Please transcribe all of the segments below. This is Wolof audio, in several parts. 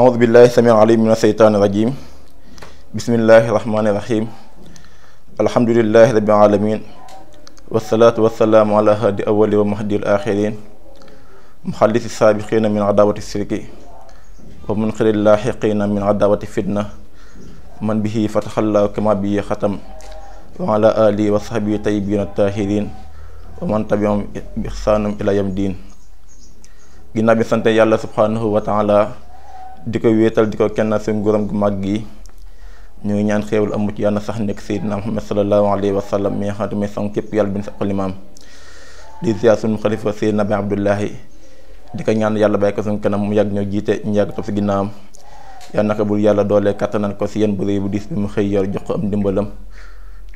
أعوذ بالله السميع العليم من الشيطان الرجيم بسم الله الرحمن الرحيم الحمد لله رب العالمين والصلاة والسلام على هادي أول ومهدي الآخرين محدث السابقين من عداوة الشرك ومن خير اللاحقين من عداوة الفتنة من به فتح الله كما به ختم وعلى آله وصحبه طيبين الطاهرين ومن تبعهم بإحسان إلى يوم الدين جنابي سنتي الله سبحانه وتعالى di ko wéetal di ko kenn suñu góoram gu mag gi ñu ngi ñaan xéewal amu ci yàlla sax nekk Seydina Muhammad sallallahu alayhi wa sallam mi nga xamante ne sànq képp yàlla bin sa xalimaam di ziar suñu xalifa Seydina Baye Abdoulahi di ko ñaan yàlla bàyyi ko suñu kanam mu yàgg ñoo jiite ñu yàgg topp si ginnaawam yàlla naka bul yàlla doole kattanal ko si yéen bu rëy bu diis bi mu xëy yor jox ko am dimbalam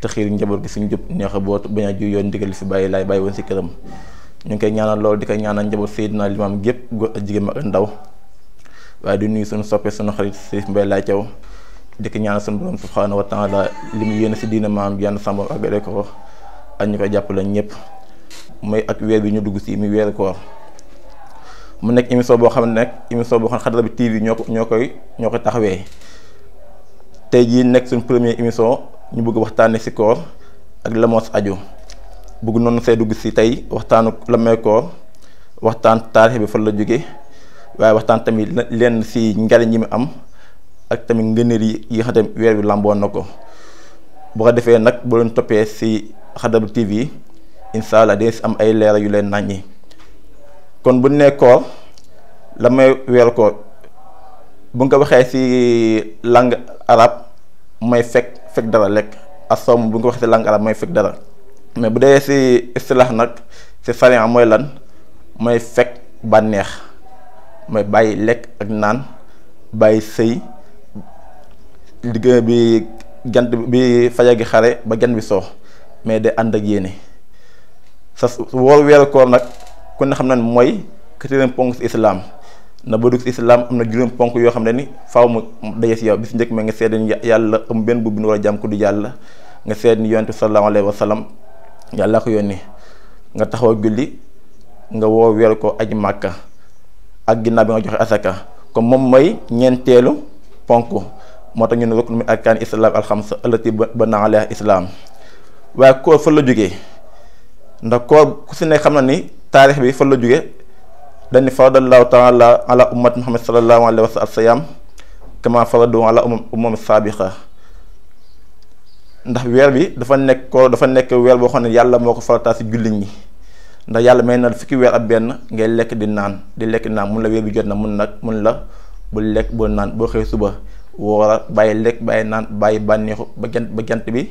te xiir njaboot gi suñu jub neex a boot bañ yoon ndigal fi bàyyi laay bàyyi woon si këram ñu ngi koy ñaana lool di ko ñaanal njaboot Seydina Limaam gépp góor ak jigéen mag ak ndaw waaye di nuyu sunu soppe sunu xarit si mbay laa caw di ko ñaan sunu borom subhaanahu wa taala li mu yéene si diina maam yàlla sàmm ak rek ko ak ñu ko jàppale ñëpp mooy ak weer bi ñu dugg si muy weeru koor mu nekk émission boo xam ne nag émission boo xam ne Xadra bi TV ñoo ko ñoo koy ñoo koy taxawee tey jii nekk suñu premier émission ñu bëgg waxtaanee si koor ak la moo aju bëgg noonu say dugg si tey waxtaanu la may koor waxtaan taarix bi fan la jóge waaye waxtaan tamit len si njariñ yi am ak tamit ngëneel yi yi nga xam ne weer bi làmboon bu ko defee nag bu leen toppee si Xadar TV incha allah am ay leeral yu len nàññi kon bu nee koor la may bu nga si langue arabe may fek fek dara lek, asom bu nga si langue arabe may fek dara mais bu dee si istilah nak si sariya mooy lan mooy fekk bànneex mooy bàyyi lekk ak naan bàyyi sëy liggéey bi jant bi fajar gi xare ba jant bi soo mais day ànd ak yéene sa woor weeru koo nag ku ne xam na ne mooy quatrième ponk si na ba dugg si am na juróom ponk yoo xam ne ni faaw mu daje si bi si njëkk mais nga seede ni yàlla am benn bubu nu war du yàlla nga seede ni yonent sallallahu alayhi wa sallam nga taxaw julli nga woor weeru ko aj màkka ak ginnaaw bi nga joxe asaka comme moom mooy ñeenteelu ponk moo tax ñu ne rukn min arkaan islaam alxamsa allati bana alayha islaam waaye koor fa la jógee ndax koor ku si ne xam na ni taarix bi fa la jóge dañu faradallahu taala ala ummat muhammad sallallahu alayhi wa sallam kama faradu ala saabiqa ndax weer bi dafa nekk koor dafa nekk weer boo xam ne yàlla moo ko farataa si jullit ñi ndax yàlla may na fukki weer ak benn ngay lekk di naan di lekk di naan mun la weer bi jot na mun nag mun la bul lekk bul naan boo xëy suba woora bàyyi lekk bàyyi naan bàyyi bànneexu ba jant ba jant bi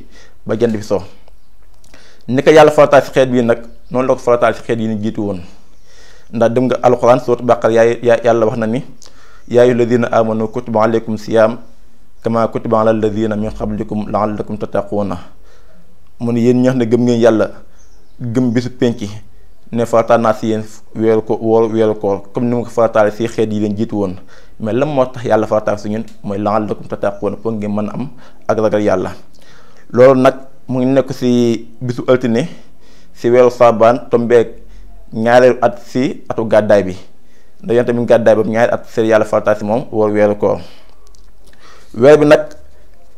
ba jant bi so ni ko yàlla farataal si xeet bii nag noonu la ko farataal yi ñu jiitu woon ndax dem nga alxuraan suuratu baqara yaay yàlla wax na ni yaa ayyuha ladina amanu kutiba aleykum siyaam kama kutiba ala xam min qablikum laallakum tattaquuna mu ne yéen ñi xam ne gëm ngeen yàlla gëm bisu penc ne farataal naa si ko woor weeru koor ni ko farataale si xeet yi leen jiitu woon mais lan moo tax yàlla farataal si ñun mooy la'allakum tattaquun pour ngeen mën a am ak ragal yàlla nag mu ngi nekk si bisu altine si weeru saabaan tombeeg ñaareelu at si atu gàddaay bi da yonte mi gàddaay boobu ñaari at seen yàlla farataal moom woor weeru koor weer bi nag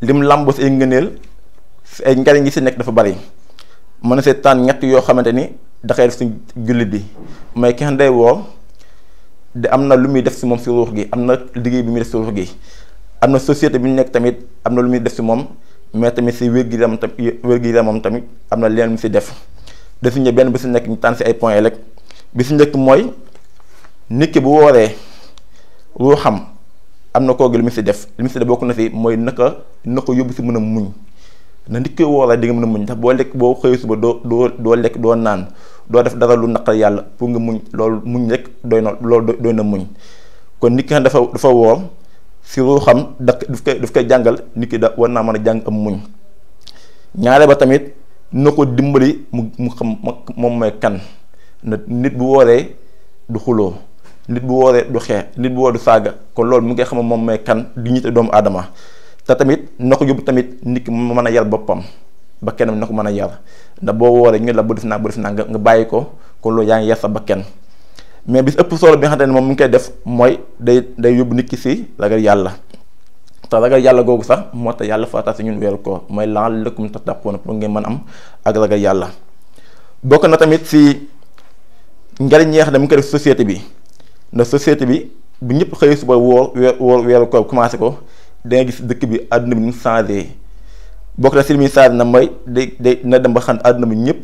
lim làmboo si ay ngëneel si ay njariñ yi si nekk dafa bari mën na see tànn ñett yoo xamante ni dafay def si jullit bi mooy ki day woo de am na lu muy def si moom si ruux gi am na liggéey bi muy def si ruux gi am na société bi ñu nekk tamit am na lu muy def si moom mais si wér-gu-yaram tam tamit am na leen mu si def desuñ ne benn bi si nekk ñu tànn si ay points rek bi si njëkk mooy nit ki bu wooree xam am na koogi lu mu si def lu mu si def bokk na si mooy naka na ko yóbbu si mën a muñ. na nit koy woor di nga mën a muñ ndax boo lekk boo xëy suba doo doo doo lekk doo naan doo def dara lu naqar yàlla pour nga muñ loolu muñ rek doy na loolu doy na muñ kon nit dafa dafa woor si loo xam koy daf koy jàngal nit ki da war naa mën a jàng am ñaare ba tamit na ko dimbali mu mu xam moom mooy kan na nit bu wooree du xuloo nit bu wooree du xeex nit bu wooree du saaga kon loolu mu ngi xam moom mooy kan du ñite doomu aadama te tamit na ko yóbbu tamit nit ki mën a yar boppam ba kenn na ko mën a yar ndax boo wooree ñu la bu def naa bu def naa nga bàyyi ko kon loolu yaa ngi yar sa bakkan mais bi ëpp solo bi moom mu ngi koy def mooy day day yóbbu nit ki si ragal yàlla te ragal yàlla googu sax moo tax yàlla farata si ñun weeru koor mooy la'allakum tattaquuna pour ngeen mën am ak ragal yàlla na tamit si njariñ ñeex mu ngi def société bi ndax société bi bu ñëpp xëy suba woor weer woor weeru koor commencé ko da nga gis dëkk bi àdduna bi ni mu changé bokk na si li muy changé na may day day na dem ba xam àdduna bi ñëpp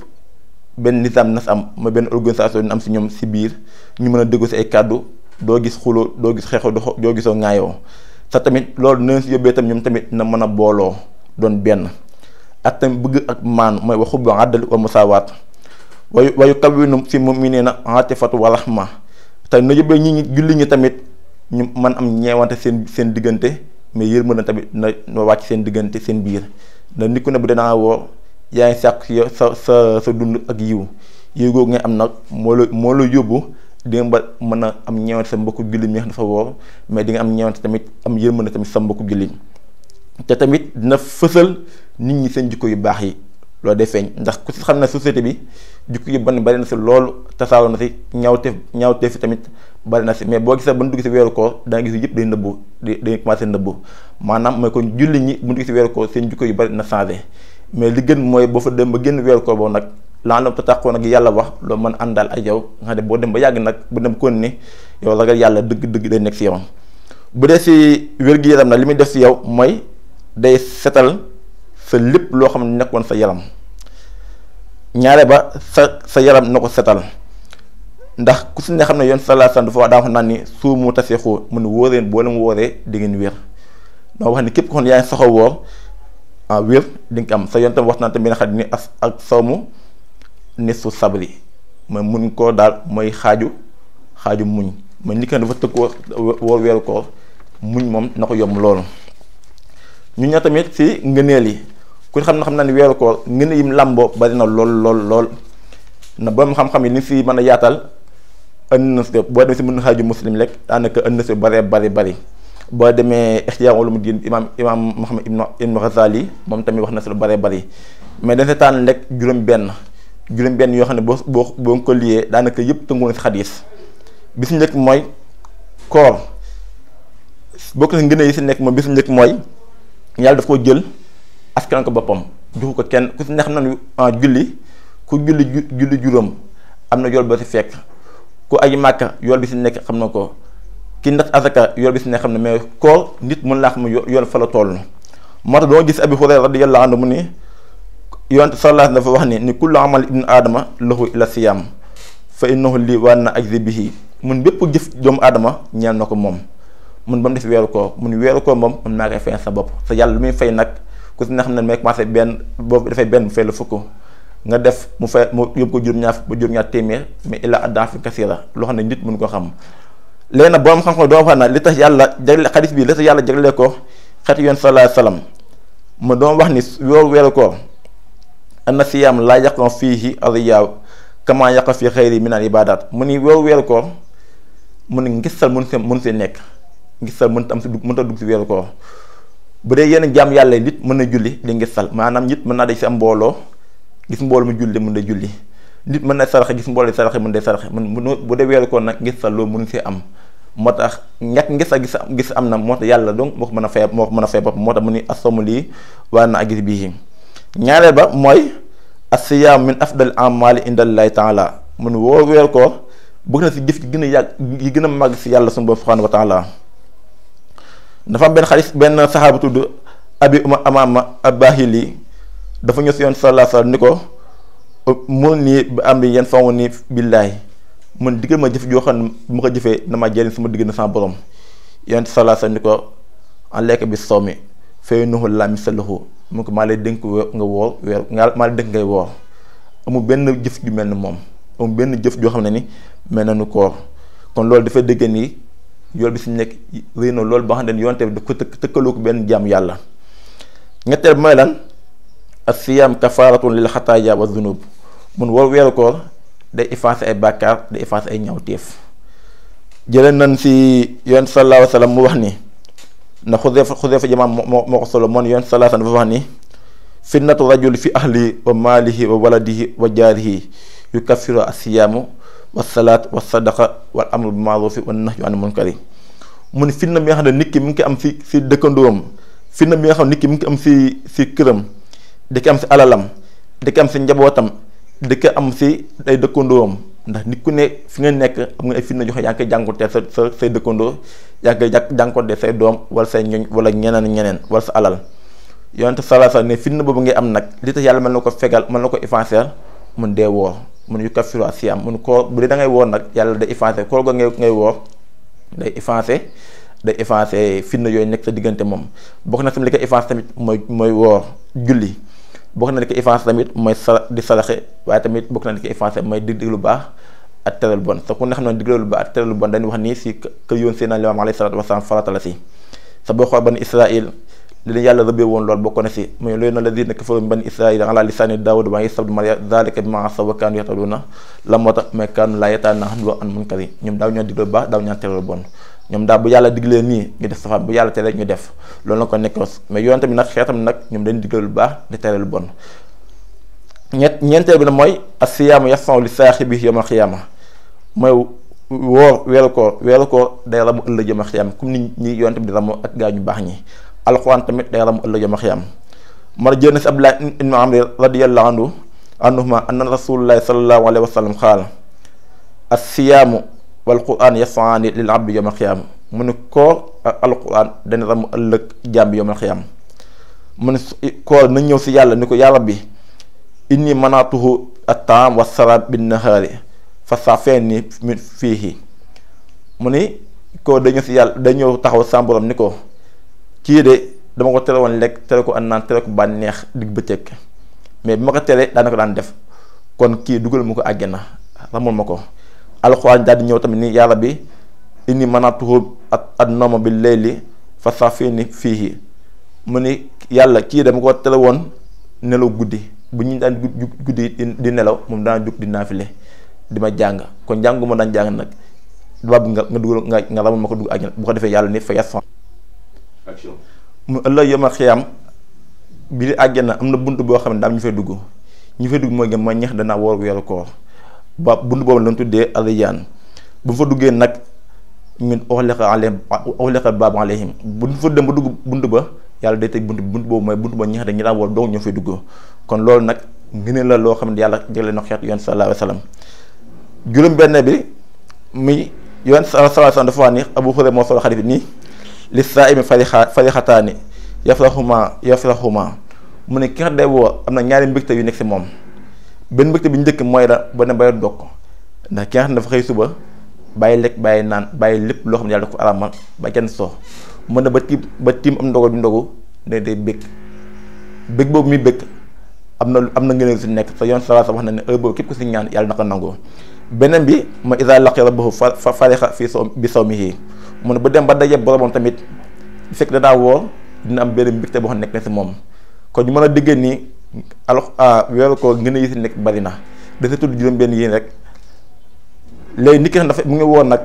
benn nizaam nas am mooy benn organisation na am si ñoom si biir ñu mën a déglu si ay kàddu doo gis xuloo doo gis xeexoo doo gisoo ŋaayoo sax tamit loolu na si yóbbee tam ñoom tamit na mën a booloo doon benn ak tamit bëgg ak mooy waxu bu àddal wa musaawaat wayu wayu kawinu fi mu'minina atifatu wa rahma te na yóbbee ñi ñi tamit ñu mën am ñeewante seen seen diggante mais yërmande tamit na noo wàcc seen diggante seen biir na nit ku ne bu danaa woor yaa ngi sàkk sa sa sa dund ak yiw yiw googu nga am nag moo la moo la yóbbu di nga mën na am ñeewante sa mbokku jullit mi nga xam dafa woor mais di am ñeewante tamit am yërmande tamit sa mbokku jullit te tamit dina fësal nit ñi seen jikko yu baax yi loolu day feeñ ndax ku si xam ne société bi jikko yu ban bari na si loolu tasaaroo na si ñaawteef ñaawteef si tamit bari na si mais boo gisee bu ñu dugg si weeru koor da nga gis yëpp day nëbbu day day nëbbu maanaam mooy kon julli ñi bu ñu dugg si weeru koor seen jukko yu bari na changé mais li gën mooy boo fa dem ba génn weeru koor boobu nag lan laanam ta tàqoo nag yàlla wax loolu mën àndaal ak yow nga xam ne boo dem ba yàgg nag bu dem kon ni yow ragal yàlla dëgg dëgg day nekk si yow bu dee si wér-gi-yaram nag li muy def si yow mooy day setal sa lépp loo xam nekkoon sa yaram ñaare ba sa sa yaram na ko setal ndax ku si ne xam ne yoon sallallahu alayhi wasallam dafa wax daa wax naan ni suumu tasixu mun wóoreen mu leen di ngeen wér daa wax ni képp ko xam ne yaa ngi saxaw woor ah am sa yoon tam wax naan tamit benn xarit ni as ak sawmu nisu sabri mooy mun koo daal mooy xaaju xaaju muñ mooy nit ki dafa tëkkoor woor weeru koor muñ moom na ko yomb loolu ñu ña tamit si ngëneel yi ku xam na xam naa ni weeru koor ngëneel yim làmboo bari na lool lool lool na borom xam-xam yi ni si mën a yaatal ënnas de boo demee si mën xaaju muslim rek daanaka ënnas na bëree bëri bari boo demee ixtiyaar lu mu diin imaam imaam Muhammad ibnu ibnu Ghazali moom tamit wax na si lu bëree bari mais dañ si tànn rek juróom-benn juróom-benn yoo xam ne boo boo boo daanaka yëpp tëngu na si xadis bi si njëkk mooy koor bokk na yi si nekk moom bi si mooy yàlla daf koo jël askan ko boppam joxu ko kenn ku si ne xam na julli ku julli julli juróom am na yool ba si fekk. ko aji màkka yool bi si nekk xam na ko kii ndax azaka yool bi si nekk xam ne mais koor nit mën laa xam yool fa la toll moo tax doo gis abi Hurayra radiyallahu anhu mu ni yonte sallallahu dafa wax ni ni kullu amal ibnu aadama lahu ila siyam fa innahu lii wa ana ajzi bihi mun bépp jëf doomu aadama ñeel na ko moom mun ba mu def weeru koor mun weeru koo moom mun naa koy fay sa bopp sa yàlla lu muy fay nag ku si ne xam ne may commencé benn boobu dafay benn bu fay la nga def mu fay mu yóbbu ko juróom-ñaar ba juróom-ñaar téeméer mais illa addan fi kasira loo xam ne nit mun koo xam léegi nag borom xam-xam doo wax na li tax yàlla jagle xadis bi li tax yàlla jagle ko xeetu yoon salaa salaam ma doon wax ni weeru weeru koor anna siyaam laa yàqoon fii ariyaaw kama yàq fii xëyri minal ibaadaat mu ni weeru weeru koor mu ni sal mun see mun see nekk sal mun tam si dugg mën ta dugg si weeru koor bu dee yenn jaam yàlla nit mën na julli di ngistal maanaam nit mën naa daj si am mbooloo gis mbool mu julli mën da julli nit mën na saraxe gis mbool saraxe mën da saraxe mën bu dee weeru koor nag ngis sa loo mën see am moo tax ñàkk ngis a gis am na moo tax yàlla donc moo ko mën a fay moo ko mën a fay bopp moo tax mu ni asomu lii waa na agis bii ñaareel ba mooy asiyaam min afdal amali indallahi taala mun woo weeru koor bëgg na si jëf gi gën a yàgg yi gën a màgg si yàlla suñu bopp subhanahu wa taala dafa am benn xalis benn saxaaba tudd abi uma amaama abahili dafa ñëw si yoon sallallahu alayhi wasallam ni ko mun nii ba am bi yenn famu ni billaay man diggal ma jëf joo xam ne mu ko jëfee na ma jëriñ digg na sama borom yoon sallallahu alayhi wasallam ni ko alayka bi sawmi mi innahu laa misalahu mu ko maa lay dénk nga woor weer nga maa lay dénk ngay woor amul benn jëf ju mel ni moom amul benn jëf joo xam ne ni mel na nu koor kon loolu dafay dëgg nii yool bi si nekk rëy na loolu boo xam ne yoonte bi daf ko tëkkaloo ko benn jaam yàlla ñetteel mooy lan asiyaam kafaaratun lil xataaya wa zunub mun war weeru koor day effacer ay bàkkaar day effacer ay ñaawteef jëlee nañ si yoon sallallahu alayhi wa sallam mu wax ni na xuseefa xuseefa jamaa moo moo ko solo moon wa sallam dafa wax ni fitnatu wa maalihi wa waladihi wa jaarihi yukaffiru wa salaat wa sadaqa wal amru bil maarufi mu fitna bi xam ne nit ki mu ngi am si si dëkkandoom fitna bi xam ne nit ki mu ngi am si si këram di ko am si alalam di ko am si njabootam di ko am si ay dëkkandoom ndax nit ku ne fi nga nekk am nga ay fitna joxe yaa ngi koy jànkuwutee sa sa say dëkkandoo yaa ngi koy jànkuwutee say doom wala say ñoñ wala ñeneen ñeneen wala sa alal yonent salaasa ne fitna boobu ngay am nag li tax yàlla mën na ko fegal mën na ko effacer mun dee woor mun yu kaffiru siyaam mun koor bu dee da woor nag yàlla day effacer koor ga ngay ngay woor day effacer day effacer fitna yooyu nekk sa diggante moom bokk na sam li koy effacer tamit mooy mooy woor julli bokk na li ko effacé tamit mooy sa di salaxe waaye tamit bokk na li ko effacé mooy dig dig lu baax ak teral bon sa ku ne xam ne digle lu baax ak teral lu bon dañuy wax nii si kër yoon seen Limaam alayhi salaatu wa salaam faratala si sa boo xool ban Israil li leen yàlla rëbbee woon loolu bokk na si la moo tax mais kaanu laa yatanaahawna an munkari ñoom daaw ñoo digle lu baax daaw ñaan teral lu bon ñoom daal bu yàlla diglee nii ñu def safaan bu yàlla tere ñu def loolu na ko nekkoon mais yoon tamit nag xeetam nag ñoom dañ digal lu baax di tere lu bon ñett ñeenteel bi nag mooy asiyaamu yasan li saaxibi yawmal xiyaama mooy woor weeru koor weeru koor day ramu ëllëg yawmal xiyaama comme ni ñi yoon bi di ramu ak gaa ñu baax ñi alxuraan tamit day ramu ëllëg yawmal xiyaama mar jël na si abdullah ibnu amri radiyallahu anhu anhuma anna la sallallahu alayhi wa sallam xaal asiyaamu wal quraan yasfaani lil abdi yowmal xiyaam mu ne koor ak alquran mu ne koor na ñëw si yàlla ni ko yaa rabbi inni manaatuhu attaam wa saraab bin nahaari fa saafeeni mu ni koor dañëw si yàlla da ñëw taxaw sàmboram ni ko kii de dama ko tere woon lekk tere ko an naan tere ko bànneex digg bëccëg mais bi ma ko tere daana ko daan def kon kii dugal ma ko àjjana ramul ma ko alxuraan daal di ñëw tamit nii yàlla bi inni manatuhu ak ak nooma bi layli fa safini fii mu ni yàlla kii dama ko tere woon nelaw guddi bu ñu daan guddi di nelaw moom daan jug di naafile di ma jàng kon jàngu ma daan jàng nag dama bëgg nga nga dugal nga nga ma ko dugg àjjana bu ko defee yàlla ni fa yasam mu ëllëg yoma xiyam bi di àjjana am na bunt boo xam ne daam ñu fay dugg ñu fay dugg moo gën ma ñeex danaa woor weeru koor ba bunt boobu lañ tuddee ar-Rayyan bu fa duggee nag min ughliqa alayhim ughliqa baab alayhim bu fa dem ba dugg bunt ba yàlla day teg bunt bi bunt boobu mooy bunt ba ñeex rek ñi daan war doog ñoo fay dugg kon loolu nag ngëneel la loo xam ne yàlla jagle na xeet yoon sallallahu alayhi wa sallam juróom benn bi muy yoon sallallahu alayhi wa ni Abu Hurayra moo solo xarit bi nii li saa'imi farixa mu ne ki nga woo am na ñaari mbégte yu nekk si moom benn mbégte bi njëkk mooy la ba ne bay dog ndax ki nga xam ne dafa xëy suba bàyyi lekk bàyyi naan bàyyi lépp loo xam ne yàlla daf ko araamal ba kenn soo mën na ba tiim ba tiim am ndogo bi ndogu day day bëgg bëgg boobu muy am na am na ngëneel su nekk sa yoon sa sa wax na ne heure boobu yàlla na ko nangoo bi ma isa laqi rabbahu fa farixa fii saw bi saw mi yii mu na ba dem ba daje boromam tamit fekk danaa woor dina am benn mbégte boo xam nekk na si moom kon ñu mën a diggéen nii alors ah, weeru ko ngën yi si nekk bari na dafa tudd juróom-benn yéen rek léegi nit ki dafa mu ngi woon nag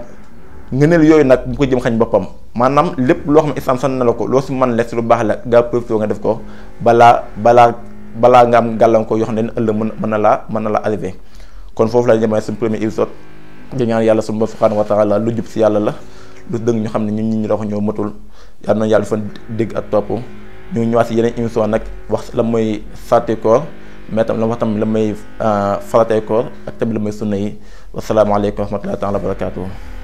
ngëneel yooyu nag bu ko jëm xañ boppam maanaam lépp loo xam ne islam san na la ko loo si man lekk si lu baax la gaa profité nga def ko balaa balaa balaa nga am gàllankoor yoo xam ne ëllëg mën mën na laa mën na la arrivé kon foofu la ñemee suñu premier épisode di ñaan yàlla suñu borom subhanahu wa taala lu jub si yàlla la lu dëng ñu xam ne ñun ñi ñu dox matul yàlla na yàlla fan dégg ak topp ñu ñëwaat si yeneen émission nag wax la mooy sarti koor mais tam la wax tam la may euh, faratee koor ak tam la may sunna yi wasalaamaaleykum wa rahmatullahi taala wa barakaatu